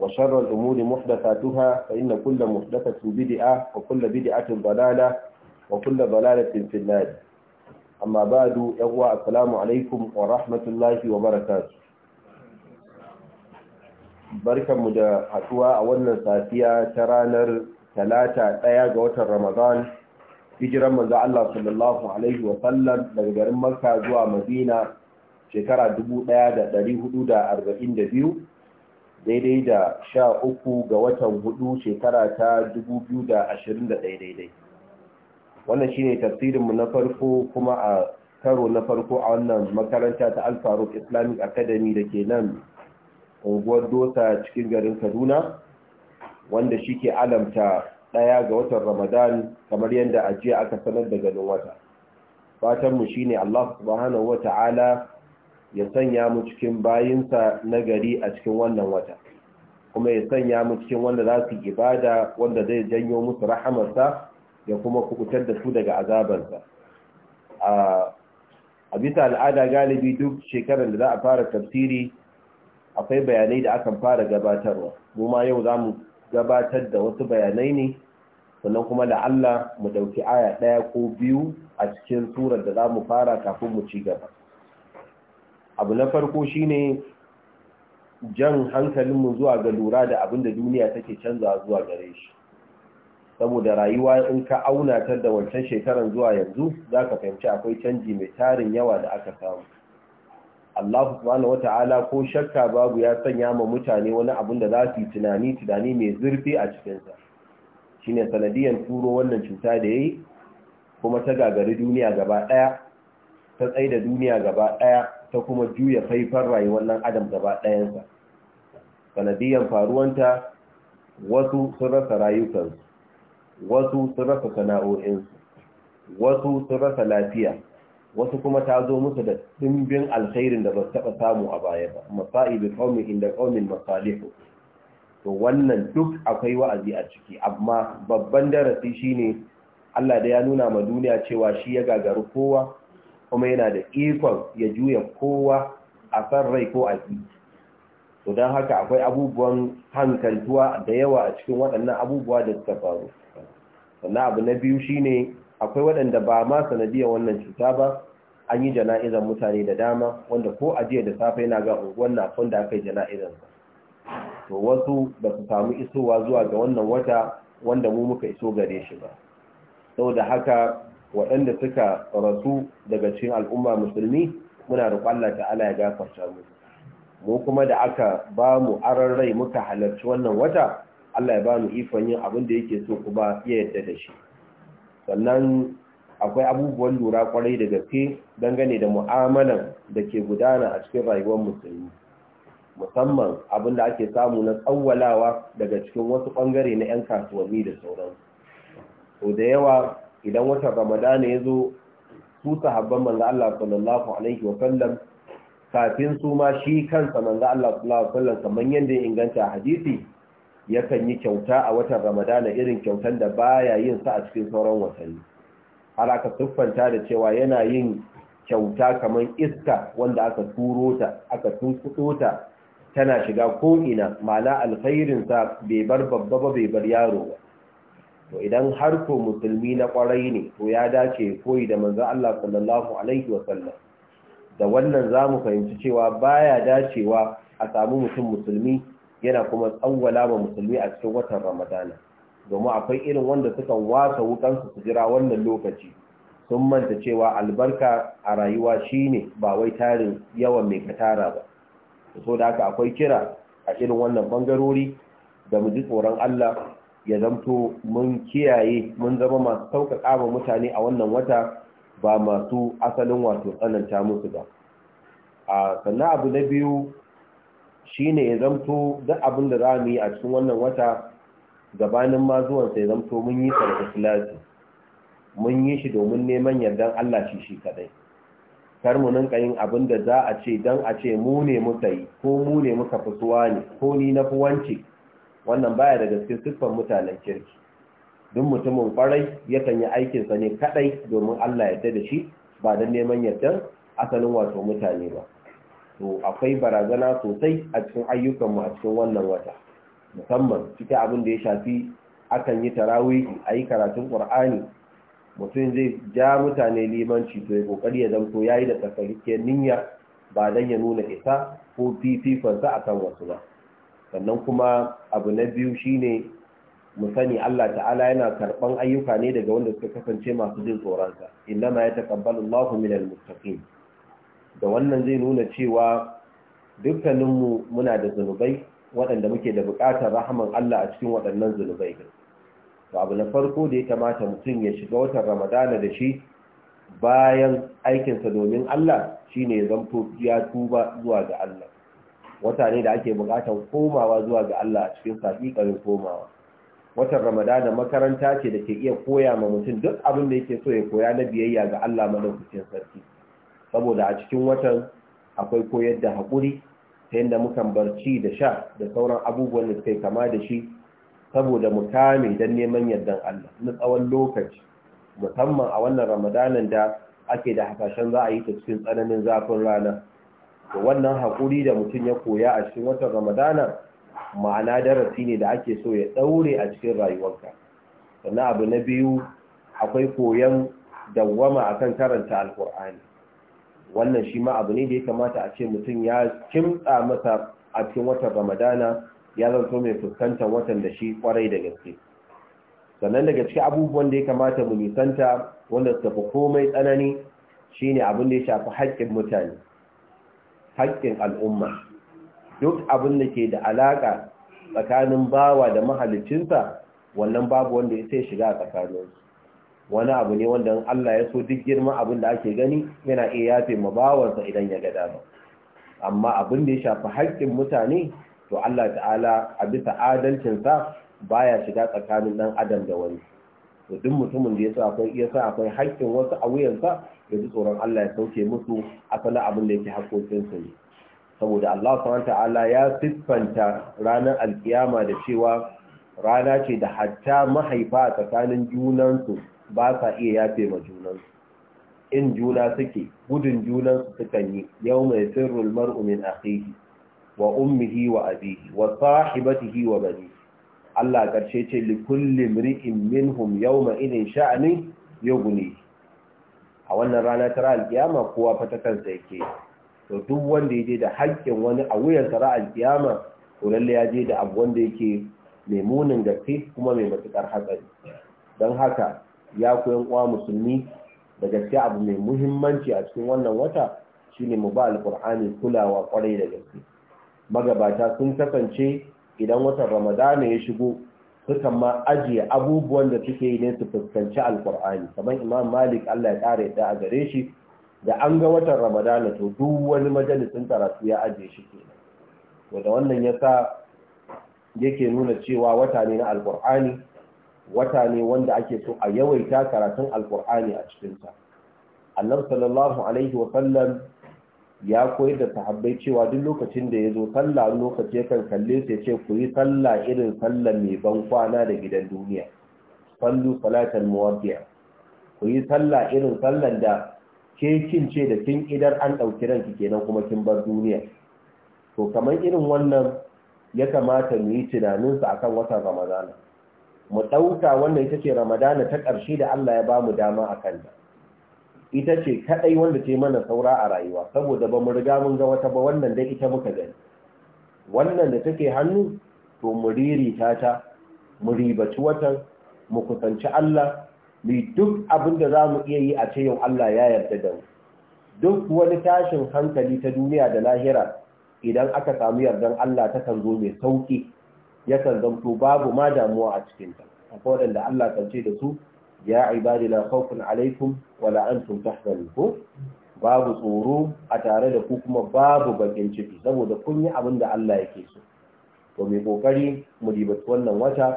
وشر الأمور محدثاتها فإن كل محدثة بدعة وكل بدعة ضلالة وكل ضلالة في النار أما بعد يغوى السلام عليكم ورحمة الله وبركاته barkan mu da haɗuwa a wannan safiya ta ranar talata ɗaya ga watan ramadan hijiran manzo Allah sallallahu alaihi wa sallam daga garin Makka zuwa Madina shekara biyu. daidai da sha uku ga watan hudu shekara ta dubu biyu da ashirin da ɗaya daidai wannan shine tafsirinmu na farko kuma a karo na farko a wannan makaranta ta alfaruk islamic academy da ke nan unguwar dosa cikin garin kaduna wanda shi ke alamta ɗaya ga watan ramadan kamar yadda ajiya aka sanar da ganin wata fatanmu shine allah subhanahu wa ta'ala ya sanya mu cikin bayinsa na gari a cikin wannan wata kuma ya sanya mu cikin wanda za su ibada wanda zai janyo musu rahamarsa ya kuma kubutar da su daga azabarsa a bisa al'ada galibi duk shekarar da za a fara tafsiri akwai bayanai da akan fara gabatarwa mu ma yau za mu gabatar da wasu bayanai ne sannan kuma la'alla mu ɗauki aya ɗaya ko biyu a cikin surar da za mu fara kafin mu ci gaba abu na farko shine jan hankalinmu zuwa ga lura da abin da duniya take canzawa zuwa gare shi saboda rayuwa in ka auna ta da wancan shekaran zuwa yanzu za ka fahimci akwai canji mai tarin yawa da aka samu Allah subhanahu wata'ala ko shakka babu ya sanya ma mutane wani abin da za su tunani tunani mai zurfi a cikinsa shine sanadiyan turo wannan cuta da yayi kuma ta gagari duniya gaba daya ta tsaida duniya gaba daya ta kuma juya faifan rayuwar nan adam gaba ɗayansa sanadiyar faruwanta wasu sun rasa rayukansu wasu sun rasa sana'o'insu wasu sun rasa lafiya wasu kuma ta zo musu da ɗimbin alkhairin da ba su taɓa samu a baya ba masa'i bi qaumin inda qaumin masalihu to wannan duk akwai wa'azi a ciki amma babban darasi shine Allah da ya nuna ma duniya cewa shi ya gagaru kowa kuma yana da ikon ya juya kowa a san rai ko a ki, to don haka akwai abubuwan hankaltuwa da yawa a cikin waɗannan abubuwa da suka faru sannan abu na biyu shine akwai waɗanda ba ma sanadiyar wannan cuta ba an yi jana'izar mutane da dama wanda ko a jiya da safe yana ga unguwan na da aka yi jana'izar to wasu ba su samu isowa zuwa ga wannan wata wanda mu muka iso gare shi ba da haka waɗanda suka rasu daga cikin al'umma musulmi muna da roƙon Allah ala ya gafarta mu mu kuma da aka ba mu aran rai muka halarci wannan wata Allah ya ba mu ikon yin abin da yake so kuma ya yarda da shi sannan akwai abubuwan lura kwarai da gaske dangane da mu'amalan da ke gudana a cikin rayuwar musulmi musamman abin da ake samu na tsawwalawa daga cikin wasu ɓangare na 'yan kasuwanni da sauran. To da yawa idan watan ramadana ya zo su sahabban manzo Allah sallallahu alaihi wa sallam kafin su ma shi kansa manzo Allah sallallahu alaihi wa kamar yadda ya inganta hadisi yakan yi kyauta a watan ramadana irin kyautan da baya yin sa a cikin sauran watanni har aka siffanta da cewa yana yin kyauta kamar iska wanda aka turo ta aka tunkuto ta tana shiga ko'ina ma'ana alkhairinsa bai bar babba ba bai bar yaro ba to idan har ko musulmi na kwarai ne to ya dace koyi da manzo Allah sallallahu alaihi wasallam da wannan zamu fahimci cewa baya dacewa a samu mutum musulmi yana kuma tsawwala ba musulmi a cikin watan Ramadana domin akwai irin wanda suka wasa wukan su jira wannan lokaci sun manta cewa albarka a rayuwa shine ba wai tarin yawan mai katara ba so da haka akwai kira a irin wannan bangarori da mu ji tsoron Allah ya zamto mun kiyaye mun zama masu sauƙaƙa wa mutane a wannan wata ba masu asalin wato tsananta musu ba a sannan abu na biyu shine ya zamto duk abin da za mu yi a cikin wannan wata gabanin ma zuwansa ya zamto mun yi sarki mun yi shi domin neman yardan Allah shi shi kadai kar mu ninka yin abin da za a ce don a ce mu ne muka yi ko mu ne muka fi suwa ne ko ni na fi wance wannan baya daga cikin siffar mutanen kirki duk mutumin kwarai yakan yi aikinsa ne kadai domin Allah ya da shi ba don neman yardar asalin wato mutane ba to akwai barazana sosai a cikin ayyukanmu a cikin wannan wata musamman cikin abin da ya shafi akan yi tarawihi a yi karatun ƙur'ani mutum zai ja mutane limanci to ya kokari ya zamto ya yi da tsakarikin niyya ba don ya nuna isa ko fifikonsa a kan wasu ba sannan kuma abu na biyu shine mu sani Allah ta'ala yana karɓan ayyuka ne daga wanda suka kasance masu jin tsoronsa innama yataqabbalu Allahu minal muttaqin da wannan zai nuna cewa dukkaninmu muna da zunubai waɗanda muke da buƙatar rahaman Allah a cikin waɗannan zunubai to abu na farko da ya kamata mutum ya shiga watan Ramadana da shi bayan aikinsa domin Allah shine ya zanto ya tuba zuwa ga Allah wata ne da ake bukatan komawa zuwa ga Allah a cikin sakiƙarin komawa watan ramadana makaranta ce da ke iya koya ma mutum duk abin da yake so ya koya na biyayya ga Allah madaukakin sarki saboda a cikin watan akwai koyar da hakuri, ta yadda mukan barci da sha da sauran abubuwan da suka kama da shi saboda mu kame don neman yardan Allah na tsawon lokaci musamman a wannan ramadanan da ake da hasashen za a yi ta cikin tsananin zafin rana da wannan haƙuri da mutum ya koya a cikin watan ramadana ma'ana darasi ne da ake so ya ɗaure a cikin rayuwarka sannan abu na biyu akwai koyon dawwama a kan karanta alkur'ani wannan shi ma abu ne da ya kamata a ce mutum ya kimtsa masa a cikin watan ramadana ya zanto mai fuskantar watan da shi kwarai da gaske sannan daga cikin abubuwan da ya kamata mu nisanta wanda suka fi komai tsanani shine abin da ya shafi haƙƙin mutane haƙƙin al'umma duk abin da ke da alaƙa tsakanin bawa da mahalicinsa wannan babu wanda ya sai shiga a tsakaninsu wani abu ne wanda Allah ya so duk girma abin da ake gani yana iya yafe ma bawansa idan ya gada ba, amma abin da ya shafi haƙƙin mutane to Allah ta'ala a bisa adalcinsa baya shiga tsakanin ɗan adam da wani to duk mutumin da yasa akwai akwai haƙƙin wasu a wuyansa ya ji tsoron Allah ya sauke musu asalin abin da yake haƙƙoƙin su ne saboda Allah subhanahu ta'ala ya siffanta ranar alkiyama da cewa rana ce da hatta mahaifa tsakanin junansu ba sa iya yafe ma junansu in juna suke gudun junansu sukan yi yau mai sirrul mar'u min akhihi wa ummihi wa abihi wa sahibatihi wa banihi Allah karshe ce likulli mri'in minhum yawma idin sha'ani yughni a wannan rana ta ra'al kiyama kowa fa ta kansa yake to duk wanda yaje da haƙƙin wani a wuyan sa ra'al kiyama to lalle ya je da abu wanda yake mai munin gaske kuma mai matukar hatsari don haka ya koyan uwa musulmi da gaske abu mai muhimmanci a cikin wannan wata shine mu ba alqur'ani kulawa kwarai da gaske magabata sun kasance idan watan ramadana ya shigo sukan ma ajiye abubuwan da suke yi ne su fuskanci alkur'ani kamar imam malik allah ya kare da a gare shi da an ga watan ramadana to duk wani majalisin karatu ya ajiye shi kenan to wannan wannan yasa yake nuna cewa wata ne na alkur'ani wata ne wanda ake so a yawaita karatun alkur'ani a cikinsa annabi sallallahu alaihi wa sallam ya koyar da sahabbai cewa duk lokacin da ya zo sallah lokaci yakan kalle su ya ce ku yi sallah irin sallah mai ban kwana da gidan duniya sallu salatan muwaddi'a ku yi sallah irin sallan da ke kin ce da kin idar an ɗauki ranki kenan kuma kin bar duniya to kamar irin wannan ya kamata mu yi tunaninsa akan watan ramadana mu ɗauka wannan ita ce ramadana ta karshe da Allah ya ba mu dama akan ta ita ce kadai wanda ce mana saura a rayuwa saboda ba mu riga mun ga wata ba wannan da ita muka gani wannan da take hannu to mu ririta ta mu ribaci watan mu kusanci Allah mu duk abin da za mu iya yi a ce yau Allah ya yarda da mu duk wani tashin hankali ta duniya da lahira idan aka samu yardan Allah ta kan zo mai sauki yakan zanto babu ma damuwa a cikinta akwai waɗanda Allah kan ce da su ya ibadi la khawfun alaikum wala antum tahzanun ko babu tsoro a tare da ku kuma babu bakin ciki saboda kun yi abin da Allah yake so to mai kokari mu ribata wannan wata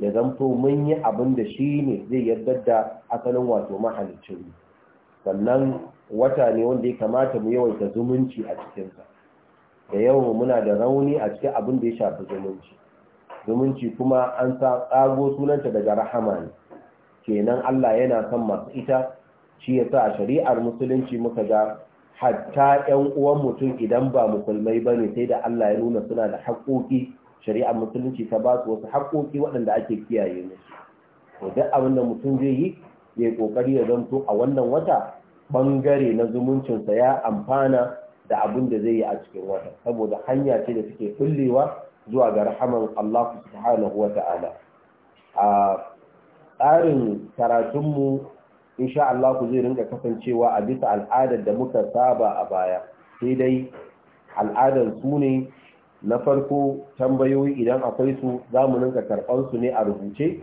ya zanto mun yi abin da shi ne zai yarda da asalin wato mahalicin sannan wata ne wanda ya kamata mu yawaita zumunci a cikinsa da yau muna da rauni a cikin abin da ya shafi zumunci zumunci kuma an sa tsago sunanta daga rahama ne kenan Allah yana son masu ita shi ya sa a shari'ar musulunci muka ga hatta ƴan uwan mutum idan ba musulmai ba ne, sai da Allah ya nuna suna da haƙoƙi shari'ar musulunci ta ba su wasu haƙoƙi waɗanda ake kiyaye musu to duk abin da mutum zai yi ya kokari ya zanto a wannan wata ɓangare na zumuncinsa ya amfana da abin da zai yi a cikin wata saboda hanya ce da suke kullewa zuwa ga rahaman Allah subhanahu wa ah, tsarin karatunmu insha Allah ku zai rinka kasancewa a bisa al'adar da muka saba a baya sai dai al'adar su ne na farko tambayoyi idan akwai su za mu ninka karɓar su ne a rubuce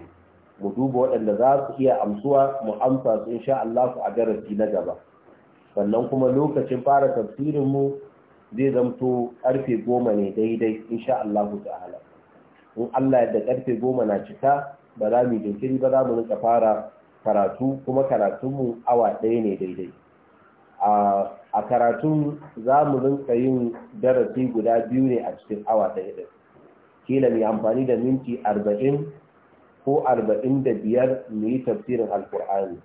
mu duba waɗanda za su iya amsuwa mu amsa su insha Allah a darasi na gaba sannan kuma lokacin fara tafsirinmu zai zamto karfe goma ne daidai insha Allah ta'ala in Allah yadda karfe goma na cika ba za mu jinkiri ba za mu rinka fara karatu kuma karatunmu awa ɗaya ne daidai a karatun za mu rinka yin darasi guda biyu ne a cikin awa ɗaya ɗaya. kila mai amfani da minti arba'in ko arba'in da biyar mu yi tafsirin alkur'ani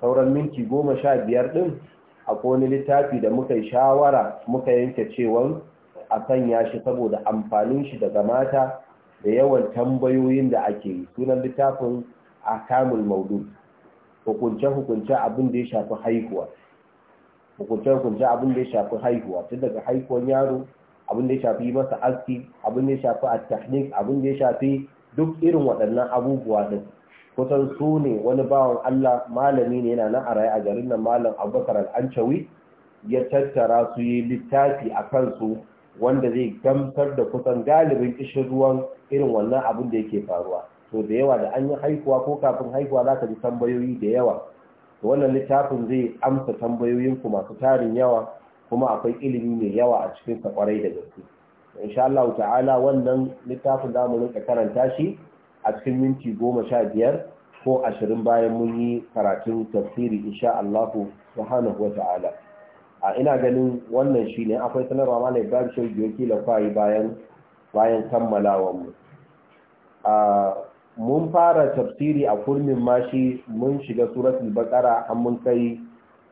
sauran minti goma sha biyar ɗin a wani littafi da muka yi shawara muka yanke cewan a sanya shi saboda amfanin shi daga mata da yawan tambayoyin da ake sunan littafin kamul maudun hukunce hukunce abin da ya shafi haihuwa hukunce hukunce abin da ya shafi haihuwa tun daga haihuwan yaro abin da ya shafi masa aski abin da ya shafi a tahnik abin da ya shafi duk irin waɗannan abubuwa din kusan su ne wani bawan Allah malami ne yana nan a raye a garin nan malam Abubakar alancawi ya tattara su yi littafi a kansu wanda zai gamsar da kusan galibin kishin ruwan irin wannan abin da yake faruwa to da yawa da an yi haihuwa ko kafin haihuwa za ka ji tambayoyi da yawa to wannan littafin zai amsa tambayoyin ku masu tarin yawa kuma akwai ilimi mai yawa a cikin sa kwarai da gaske insha Allah ta'ala wannan littafin za mu rinka karanta shi a cikin minti goma sha biyar ko ashirin bayan mun yi karatun tafsiri insha Allah subhanahu wa ta'ala a ina ganin wannan shi ne akwai sanarwa malam ibrahim shi biyu kila kwayi bayan bayan kammalawanmu mun fara tafsiri a kurmin mashi mun shiga suratul bakara an mun kai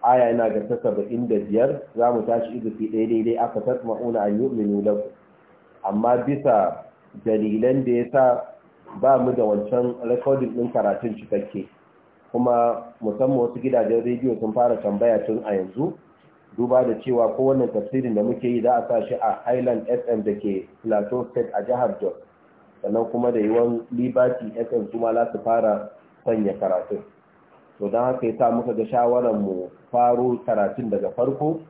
aya yana ga ta saba'in da biyar za mu tashi izufi fi daidai aka una an yi amma bisa dalilan da ya sa ba mu da wancan rekodin ɗin karatun cikakke kuma musamman wasu gidajen rediyo sun fara tambaya tun a yanzu duba da cewa kowanne tafsirin da muke yi za a sa shi a highland fm da ke plateau state a jihar jos sannan kuma da yawan liberty fm kuma za su fara sanya karatun to don haka ya sa muka ga shawarar mu faro karatun daga farko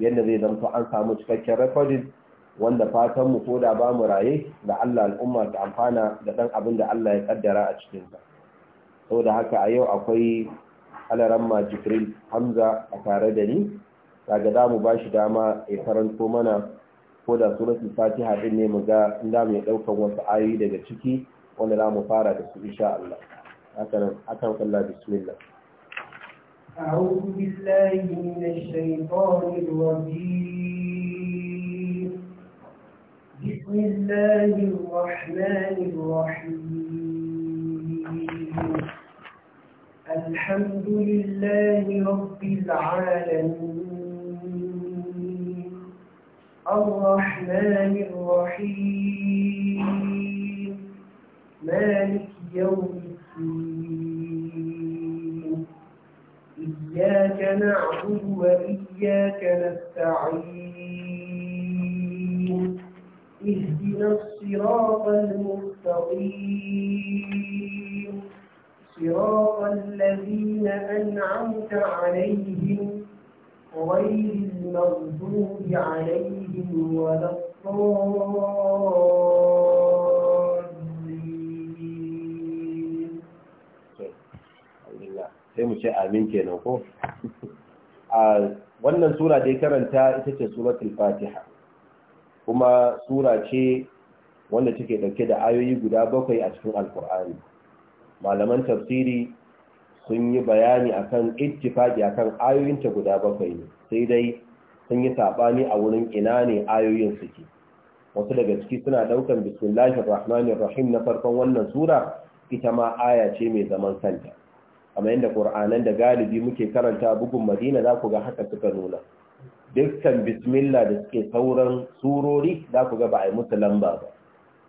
yadda zai zamto an samu cikakken recording wanda fatan mu ko da ba mu raye da Allah al'umma ta amfana da dan abin da Allah ya kaddara a cikin sa saboda haka a yau akwai alaramma Jibril Hamza a tare da ni kaga za mu shi dama ya faranto mana ko da suratul fatiha din ne mu ga inda mu daukan wasu ayoyi daga ciki wanda za mu fara da su insha Allah hakan hakan Allah bismillah أعوذ بالله من الشيطان الرجيم بسم الله الرحمن الرحيم الحمد لله رب العالمين الرحمن الرحيم مالك يوم الدين إياك نعبد وإياك نستعين اهدنا الصراط المستقيم صراط الذين أنعمت عليهم غير المغضوب عليهم ولا sai mu ce wannan sura dai karanta ita ce suratul fatiha kuma sura ce wanda take dauke da ayoyi guda bakwai a cikin alkur'ani malaman tafsiri sun yi bayani akan ittifaqi akan ayoyin ta guda bakwai ne sai dai sun yi sabani a wurin ina ne ayoyin suke wasu daga ciki suna daukan bismillahir rahmanir rahim na farkon wannan sura ita ma aya ce mai zaman kanta amma yadda qur'anan da galibi muke karanta bugun madina za ku ga haka suka nuna dukkan bismillah da suke sauran surori za ku ga ba a yi musu lamba ba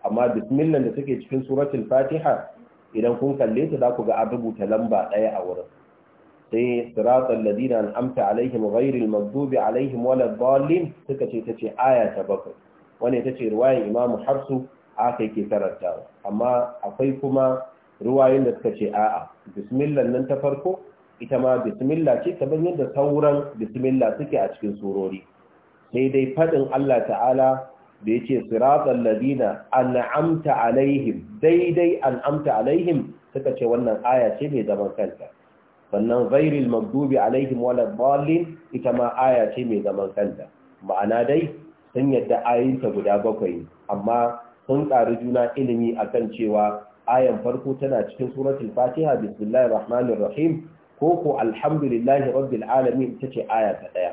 amma bismillah da suke cikin suratul fatiha idan kun kalle ta za ku ga an rubuta lamba ɗaya a wurin sai siratal ladina an'amta alaihim ghairil maghdubi alaihim waladdallin suka ce tace aya ta bakwai wannan tace riwayar Imam Hafsu aka ke karantawa amma akwai kuma riwayoyin da suka ce a'a bismillah nan ta farko ita ma bismillah ce kamar yadda sauran bismillah suke a cikin surori sai dai faɗin Allah ta'ala da yace siratal ladina an'amta alaihim daidai an'amta alaihim suka ce wannan aya ce mai zaman kanta sannan ghairil maghdubi alaihim waladdallin ita ma aya ce mai zaman kanta ma'ana dai sun yadda ayinta guda bakwai amma sun ƙari juna ilimi a kan cewa ayan farko tana cikin suratul fatiha bismillahir rahmanir rahim ko ko alhamdulillahi rabbil alamin ita ce aya ta ɗaya.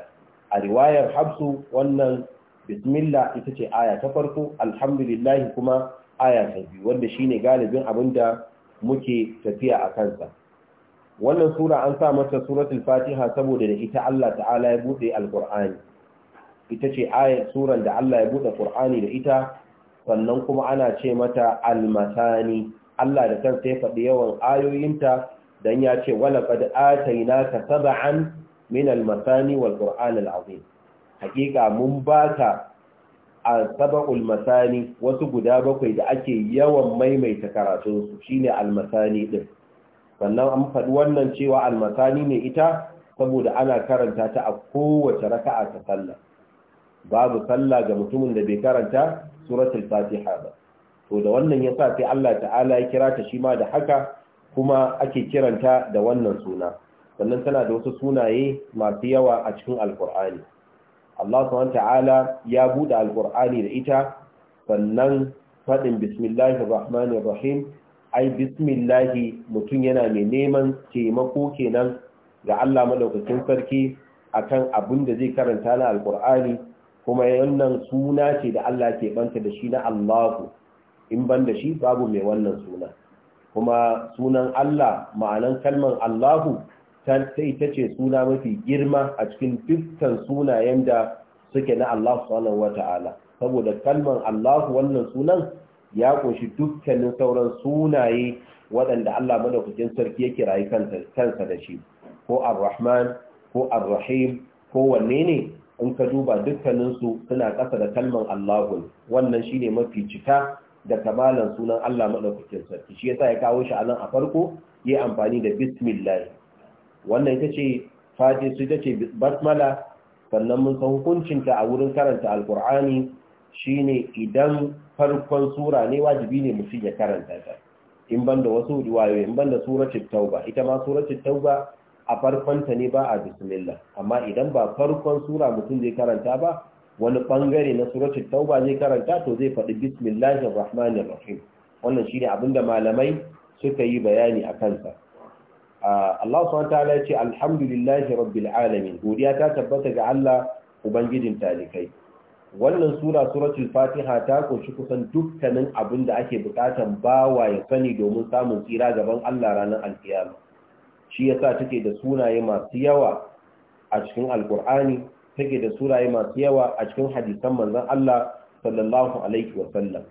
a riwayar habsu wannan bismillah ita ce aya ta farko alhamdulillahi kuma aya ta biyu wanda shine galibin abin da muke tafiya a kansa wannan sura an sa mata suratul fatiha saboda da ita Allah ta'ala ya bude alqur'ani ita ce ayar suran da Allah ya bude qur'ani da ita sannan kuma ana ce mata almatani Allah da kansa ya faɗi yawan ayoyinta dan ya ce wala qad atainaka sab'an min almatani wal azim hakika mun bata a sabaul masani wasu guda bakwai da ake yawan maimaita karatun su shine almasani masani din sannan an faɗi wannan cewa almasani ne ita saboda ana karanta ta a kowace raka'a ta sallah babu sallah ga mutumin da bai karanta suratul fatiha ba to da wannan yasa sai Allah ta'ala ya kira ta shi da haka kuma ake kiranta da wannan suna sannan tana da wasu sunaye masu yawa a cikin alkur'ani Allah subhanahu ta'ala ya buɗe alqur'ani da ita sannan fadin bismillahir rahmanir rahim ai bismillahi mutum yana mai neman taimako kenan ga Allah madaukakin sarki akan abin da zai karanta na alqur'ani kuma wannan suna ce da Allah ke banta da shi na Allahu in ban da shi babu mai wannan suna kuma sunan Allah ma'anan kalman Allahu sai ta ce suna mafi girma a cikin dukkan sunayen da suke na Allah subhanahu wata'ala saboda kalman Allah wannan sunan ya kunshi dukkanin sauran sunaye waɗanda Allah madaukakin sarki ya rayu kansa da shi ko Ar-Rahman ko Ar-Rahim ko wanne ne in ka duba dukkaninsu suna ƙasa da kalman Allahun wannan shine mafi cika da kamalan sunan Allah madaukakin sarki shi yasa ya kawo shi a nan a farko yi amfani da bismillah wannan ita ce fati su ita ce basmala sannan mun san hukuncinta a wurin karanta alkur'ani ne idan farkon sura ne wajibi ne mutum ya karanta ta in banda wasu riwayoyi in banda suratul tauba ita ma suratul tauba a farkonta ne ba a bismillah amma idan ba farkon sura mutum zai karanta ba wani bangare na suratul tauba zai karanta to zai faɗi bismillahir rahmanir rahim wannan shine abinda malamai suka yi bayani a kansa Ah, Allah subhanahu wataala ya ce alhamdulillahi rabbil alamin godiya ta tabbata ga Allah ubangijin talikai wannan sura suratul fatiha ta kunshi kusan dukkanin abin da ake bukatan bawa ya sani domin samun tsira gaban Allah ranar alkiyama shi yasa take da sunaye masu yawa a cikin alkur'ani take da sunaye masu yawa a cikin hadisan manzon Allah sallallahu alaihi wa sallam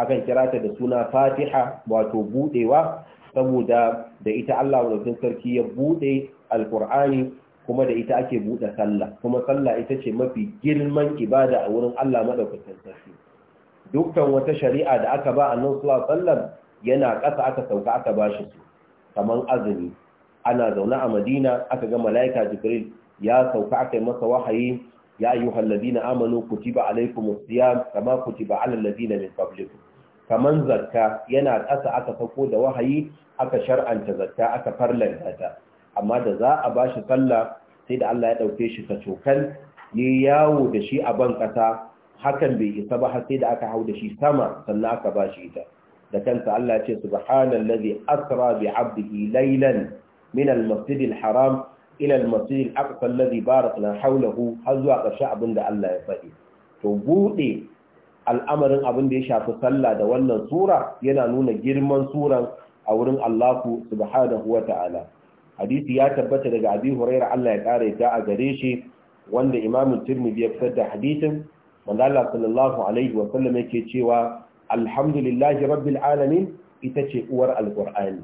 akan kira ta da suna fatiha wato budewa saboda da ita Allah wadda sarki ya buɗe alkur'ani kuma da ita ake buɗe sallah kuma sallah ita ce mafi girman ibada a wurin Allah maɗaukacin sarki dukkan wata shari'a da aka ba annabi sallallahu sallar yana ƙasa aka sauka aka bashi su kaman azumi ana zaune a Madina aka ga malaika Jibril ya sauka aka yi masa wahayi ya ayyuhal ladina amanu kutiba alaikum siyam kama kutiba alal ladina min qablikum kaman zakka yana ƙasa aka sako da wahayi aka shar'anta zakka aka farlanta ta amma da za a bashi sallah sai da Allah ya ɗauke shi ka cokan yi yawo da shi a ban ƙasa hakan bai isa ba har sai da aka hau da shi sama sannan aka bashi ita da kansa Allah ya ce lazi asra bi 'abdihi laylan min al haram ila al-masjidil aqsa alladhi barakna hawlahu har zuwa ƙarshe abinda Allah ya faɗi to bude al'amarin abin da ya shafi sallah da wannan sura yana nuna girman suran a wurin Allahu subhanahu wa ta'ala. Hadisi ya tabbata daga Abi Huraira Allah ya ƙara ta a gare shi wanda imamin Tirmidhi ya fitar da hadisin wanda Allah sallallahu alaihi wa sallam yake cewa alhamdulillahi rabbil alamin ita ce uwar alqur'ani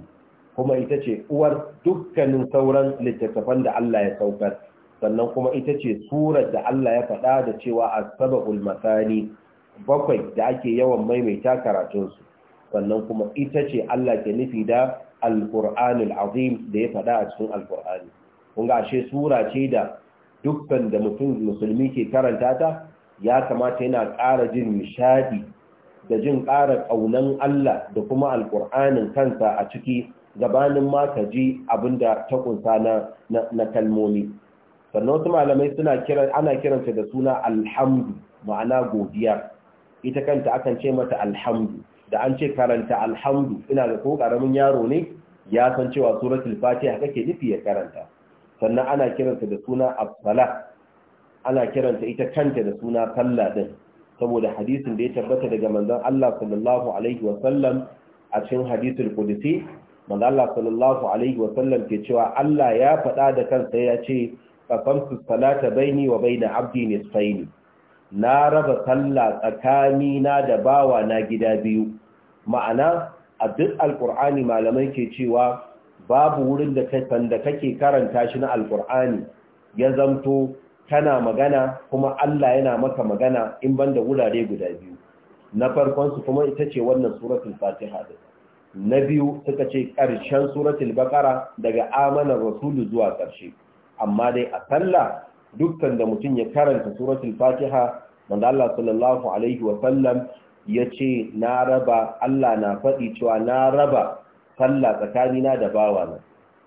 kuma ita ce uwar dukkanin sauran littattafan da Allah ya saukar sannan kuma ita ce surar da Allah ya faɗa da cewa as masani bakwai da ake yawan maimaita karatunsu sannan kuma ita ce Allah ke nufi da alkur'anul azim da ya faɗa a cikin alkur'ani kun ga ashe sura ce da dukkan da mutum musulmi ke karanta ta ya kamata yana ƙara jin nishadi da jin ƙara ƙaunan Allah da kuma alkur'anin kansa a ciki gabanin ma ka ji abinda ta kunsa na na kalmomi sannan wasu malamai suna kiran ana kiranta da suna alhamdu ma'ana godiya ita kanta akan ce mata alhamdu da an ce karanta alhamdu ina da ko karamin yaro ne ya san cewa suratul fatiha kake nufi ya karanta sannan ana kiranta da suna as ana kiranta ita kanta da suna sallah din saboda hadisin da ya tabbata daga manzon Allah sallallahu alaihi wa sallam a cikin hadisul qudsi manzon Allah sallallahu alaihi wa sallam ke cewa Allah ya faɗa da kansa ya ce qasamtu salata baini wa baina abdi nisfaini na raba sallah tsakani na da bawa na gida biyu ma'ana a duk alkur'ani malamai ke cewa babu wurin da sanda kake karanta shi na alkur'ani ya zamto kana magana kuma Allah yana maka magana in banda wurare guda biyu na farkon su kuma ita ce wannan suratul fatiha da na biyu suka ce ƙarshen suratul baqara daga amanar rasulu zuwa ƙarshe amma dai a sallah dukkan da mutum ya karanta suratul fatiha manzo Allah sallallahu alaihi wa sallam yace na raba Allah na faɗi cewa na raba sallah tsakanina da bawana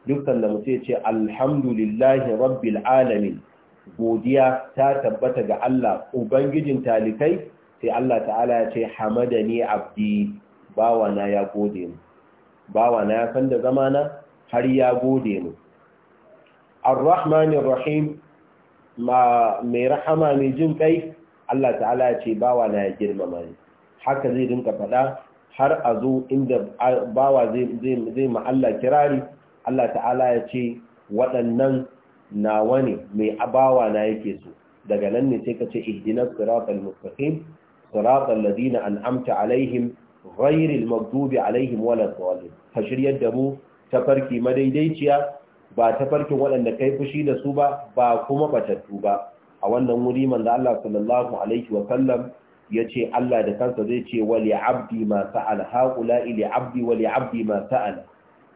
dukkan da mutum yace alhamdulillahi rabbil alamin godiya ta tabbata ga Allah ubangijin talikai sai Allah ta'ala ya ce hamadani abdi bawana ya gode mu bawana ya san da zamana har ya gode mu ar-rahmanir mai rahama mai jin kai Allah ta'ala ya ce bawa na ya girmama ni haka zai rinka faɗa har a zo inda bawa zai ma Allah kirari Allah ta'ala ya ce waɗannan nawa ne mai abawa na yake so daga nan ne sai ka ce ihdinas siratal mustaqim siratal ladina an'amta alaihim ghairil maktubi alaihim walad tsawalin. ka shiryar da mu ta farki madaidaiciya ba ta farkin waɗanda kai fushi da su ba ba kuma batattu ba a wannan wuri manzo Allah sallallahu alaihi wa sallam yace Allah da kansa zai ce wali abdi ma sa'al haula ila abdi wali abdi ma sa'al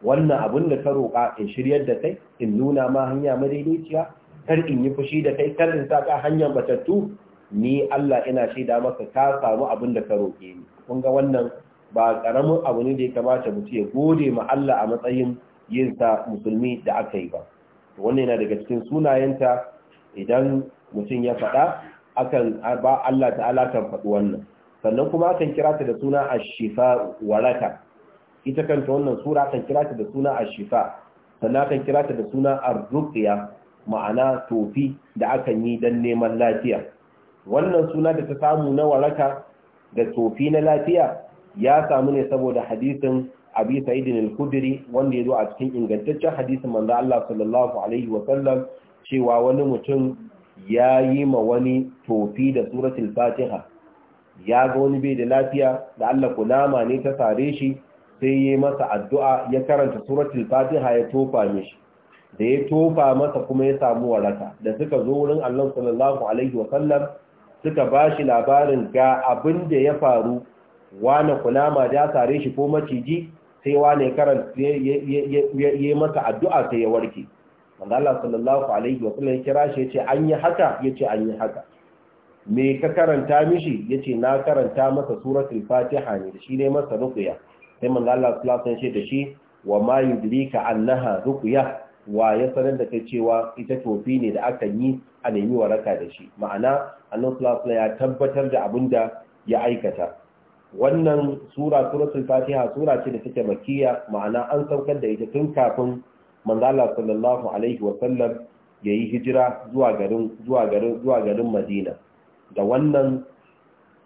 wannan abin da ka roƙa in shiryar da kai in nuna ma hanya madaidaiciya kar in yi fushi da kai kar in saka hanyar batattu ni Allah ina shaida maka ka samu abin da ka roƙe ni kun ga wannan ba karamin abu ne da ya kamata mutum ya gode ma Allah a matsayin Yinsa musulmi da aka yi ba wannan yana daga cikin sunayenta idan mutum ya faɗa akan ba Allah ta'ala kan faɗi wannan sannan kuma akan kira ta da suna ashifa waraka ita kanta wannan sura akan kira ta da suna ashifa sannan akan kira ta da suna arruqiya ma'ana tofi da akan yi dan neman lafiya wannan suna da ta samu na waraka da tofi na lafiya ya samu ne saboda hadisin abi sa'idin al-khudri wanda yazo a cikin ingantaccen hadisin manzo Allah sallallahu alaihi wa sallam cewa wani mutum ya yi ma wani tofi da suratul fatiha ya ga wani bai da lafiya da Allah kunama ne ta sare shi sai yi masa addu'a ya karanta suratul fatiha ya tofa mishi da ya tofa masa kuma ya samu waraka da suka zo wurin Allah sallallahu alaihi wa sallam suka bashi labarin ga abin da ya faru wani kunama ya sare shi ko maciji sai wane karanta ya yi masa addu'a sai ya warke manzo Allah sallallahu alaihi wa ya kira shi yace an yi haka yace an yi haka me ka karanta mishi yace na karanta masa suratul fatiha ne shi ne masa ruqya sai manzo Allah sallallahu alaihi wa sallam da shi wa ma yudrika annaha ruqya wa ya sanar da kai cewa ita tofi ne da aka yi a nemi waraka da shi ma'ana annabi sallallahu alaihi wasallam ya tabbatar da abin da ya aikata wannan sura suratul fatiha sura ce da take makkiya ma'ana an saukar da ita tun kafin manzo Allah sallallahu alaihi wa sallam yayi hijira zuwa garin zuwa garin zuwa garin Madina da wannan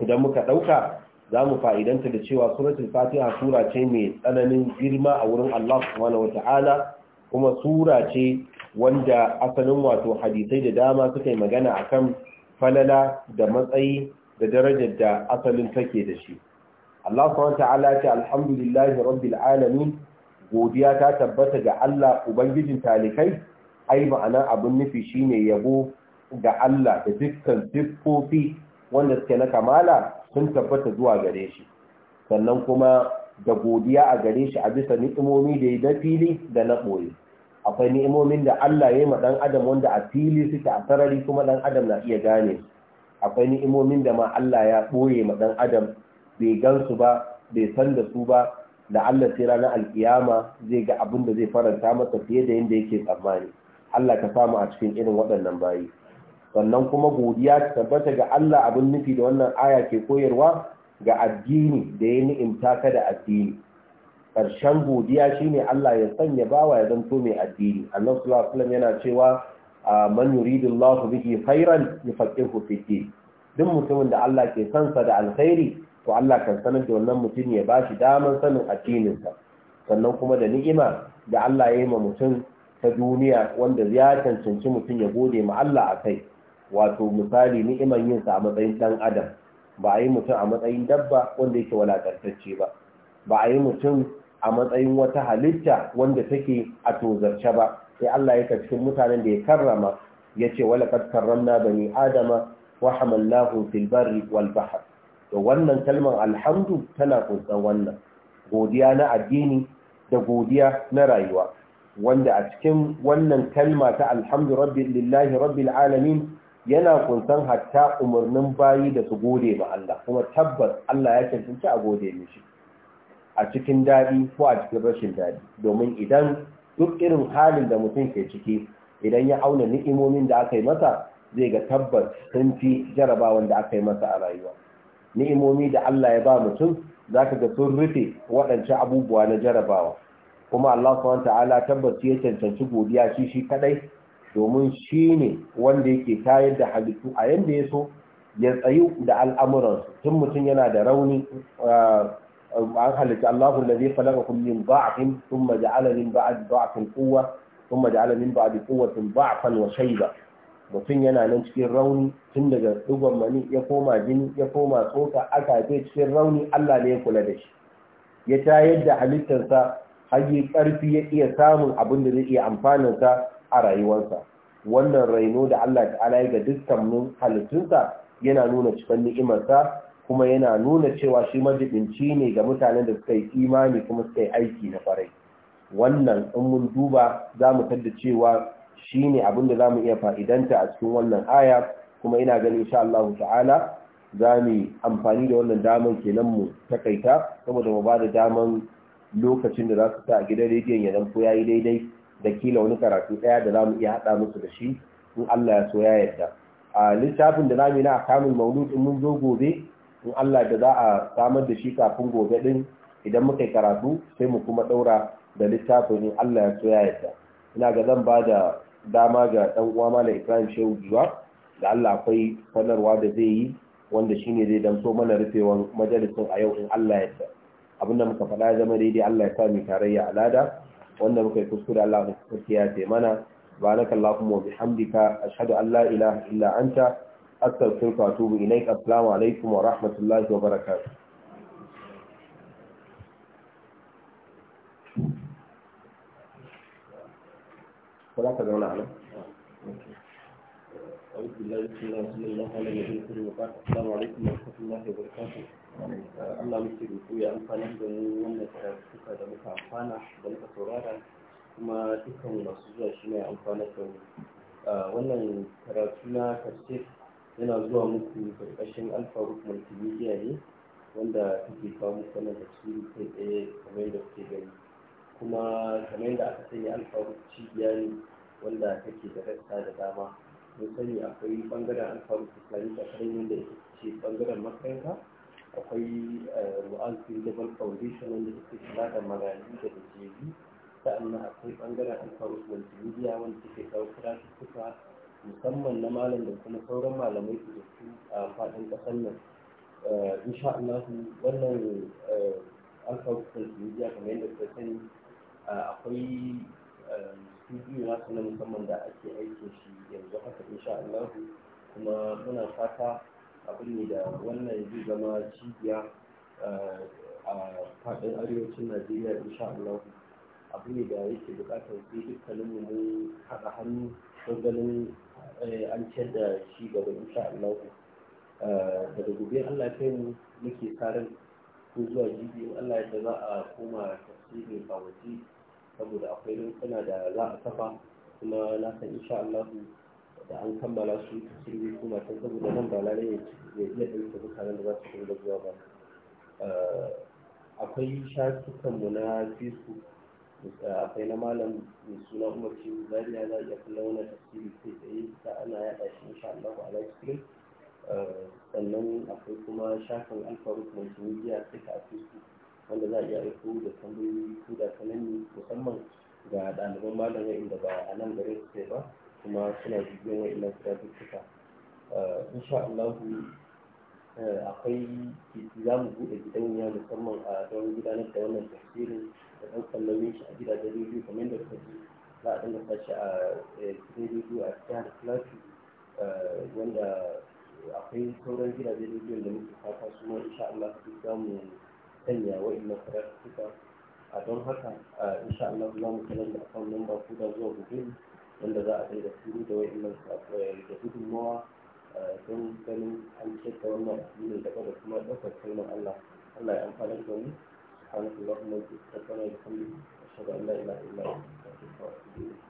idan muka dauka za mu fa'idanta da cewa suratul fatiha sura ce mai tsananin girma a wurin Allah subhanahu wata'ala kuma sura ce wanda asalin wato hadisai da dama suka yi magana akan falala da matsayi da darajar da asalin take da shi Allah subhanahu ta'ala ce alhamdulillahi rabbil alamin godiya ta tabbata ga Allah ubangijin talikai ai ma'ana abin nufi shine yabo ga Allah da dukkan siffofi wanda suke na kamala sun tabbata zuwa gare shi sannan kuma da godiya a gare shi a bisa ni'imomi da ya fili da na ɓoye akwai ni'imomin da Allah ya yi ma ɗan adam wanda a fili suke a sarari kuma ɗan adam na iya gane akwai ni'imomin da ma Allah ya ɓoye ma ɗan adam bai gansu ba bai san da su ba da Allah sai ranar alkiyama zai ga abin da zai faranta masa fiye da yadda yake tsammani Allah ka samu a cikin irin waɗannan bayi sannan kuma godiya ta tabbata ga Allah abin nufi da wannan aya ke koyarwa ga addini da ya ni'imta ka da addini ƙarshen godiya shine Allah ya sanya bawa ya zanto mai addini Allah sallallahu alaihi yana cewa man yuridullahu bihi khairan yufaqihu fi din duk mutumin da Allah ke sansa da alkhairi to Allah kan sanar da wannan mutum ya bashi daman sanin addininsa sannan kuma da ni'ima da Allah ya yi ma mutum ta duniya wanda ya cancanci mutum ya gode ma Allah a kai wato misali ni'iman yin sa a matsayin dan adam ba a yi mutum a matsayin dabba wanda yake walakantacce ba ba a yi mutum a matsayin wata halitta wanda take a tozarce ba sai Allah ya cikin mutanen da ya karrama ya ce wala karramna bani adama wa hamallahu fil barri wal bahr to wannan kalmar alhamdu tana kunsan wannan godiya na addini da godiya na rayuwa wanda a cikin wannan kalma ta alhamdu lillahi rabbil alamin yana kunsan hatta umarnin bayi da su gode ma Allah kuma tabbas Allah ya cancanci a gode mishi a cikin daɗi, ko a cikin rashin daɗi. domin idan duk irin halin da mutum ke ciki idan ya auna ni'imomin da aka yi masa zai ga tabbas sun fi jarabawan da aka yi masa a rayuwa ni'imomi da Allah ya ba mutum zata ga sun rufe waɗancan abubuwa na jarabawa kuma Allah subhanahu ta'ala tabbas ya cancanci godiya shi shi kadai domin shi ne wanda yake tayar da halittu a yanda ya so ya tsayu da al'amuran tun mutum yana da rauni ah, an halitta Allahu allazi khalaqakum min dha'fin thumma ja'ala min ba'di dha'fin quwwa thumma ja'ala min quwwatin wa shayba mutum yana nan cikin rauni tun daga dugon mani ya koma jini ya koma tsoka aka ce cikin rauni Allah ne ya kula da shi ya tayar da halittarsa har yi ƙarfi ya iya samun abin da zai iya amfaninsa a rayuwarsa wannan raino da Allah ta'ala ya ga dukkan dukkanin halittunsa yana nuna cikin ni'imarsa kuma yana nuna cewa shi majibinci ne ga mutanen da suka yi imani kuma suka yi aiki na farai wannan in mun duba za mu tadda cewa Shi ne abin da mu iya fa'idanta a cikin wannan aya kuma ina ganin sha Allah ta'ala mu amfani da wannan daman kenan mu takaita saboda mu ba da damar lokacin da za su ta a gidan rediyon ya zanko daidai da kila wani karatu ɗaya da za mu iya haɗa musu da shi in Allah ya so ya yarda a littafin da zamu yi na a kamun maulud mun zo gobe in Allah da za a samar da shi kafin gobe ɗin, idan muka yi karatu sai mu kuma ɗaura da littafin in Allah ya so ya yarda ina ga zan ba da dama ga ɗan uwa mala ibrahim shehu juwa da allah akwai sanarwa da zai yi wanda shine zai damso mana rufewan majalisun a yau in allah ya abinda muka faɗa ya zama daidai allah ya sa mai tarayya alada wanda muka yi kuskure allah ya ya ce mana سبحانك اللهم وبحمدك أشهد أن لا إله إلا أنت أستغفرك وأتوب إليك alaikum wa rahmatullahi wa وبركاته ko za ka zauna a nan أعوذ بالله بسم الله بسم الله على النبي السلام عليكم ورحمة الله وبركاته Allah muke roƙo ya amfanar da mu wannan karatuka da muka amfana da muka saurara kuma dukkan masu zuwa shi ne amfanar da mu wannan karatu na karshe yana zuwa muku karkashin alfaruk multimedia ne wanda take kawo muku wannan tafsiri kai tsaye kamar yadda kuke gani kuma kamar yadda aka sani alfaru cibiya ne wanda take da rasta da dama mun sani akwai bangaren alfaru islamic academy da ce bangaren makaranta akwai eh, mu'azzi level foundation wanda take kula da magani da gajeru sa'annan akwai bangaren alfaru multimedia wanda take kawo kirasuka musamman na malam da kuma sauran malamai da su a faɗin ƙasar nan eh, insha Allah wannan eh, alfaru multimedia kamar yadda ta sani akwai studio eh, nasu na musamman da ake aikin shi yanzu haka insha Allah kuma muna fata abin ne da wannan zai zama cibiya eh, a faɗin arewacin Najeriya insha Allah abu ne da yake buƙatar sai dukkanin mu mun haɗa hannu don ganin eh, an ciyar da shi gaba insha Allah daga gobe Allah ya mu muke karin ko zuwa jibi Allah ya za a koma tafsirin ba waje saboda akwai rinkuna da za a kafa kuma na san insha Allah da an kammala su sun kuma saboda nan ba lalai ya iya ɗauke mutanen da za su kuma zuwa ba eh, akwai shafukanmu na facebook akwai na malam mai suna umar ciwo zariya za a iya kula wani tafsiri sai tsaye ta ana yaɗa shi insha Allah a live stream eh, sannan akwai kuma shafin alfaru multimedia duka a facebook wanda za a iya aiko da tambayoyi ko da sananni musamman ga ɗaliban malam inda ba a nan gare su ba kuma suna bibiyan wa'innan eh, in sha Allah eh, akwai za mu buɗe ya musamman a don gudanar da wannan tafsirin da ɗan kallon shi a gidajen rediyo kamar yadda kuka ji za a dinga sashi a eh, gidan rediyo a jihar Plateau wanda akwai sauran gidajen rediyon da muke fata su ma insha Allah za mu sanya wa'annan karatuka a don haka a insha Allah za mu kalan da akan nan ba da zuwa gobe wanda za a da turu da wa'annan eh, da gudunmawa eh, don ganin an cika wannan addinin daga da kuma ɗaukar kalmar Allah Allah ya amfana da mu سبحانك اللهم da اشهد ان لا اله الا انت استغفرك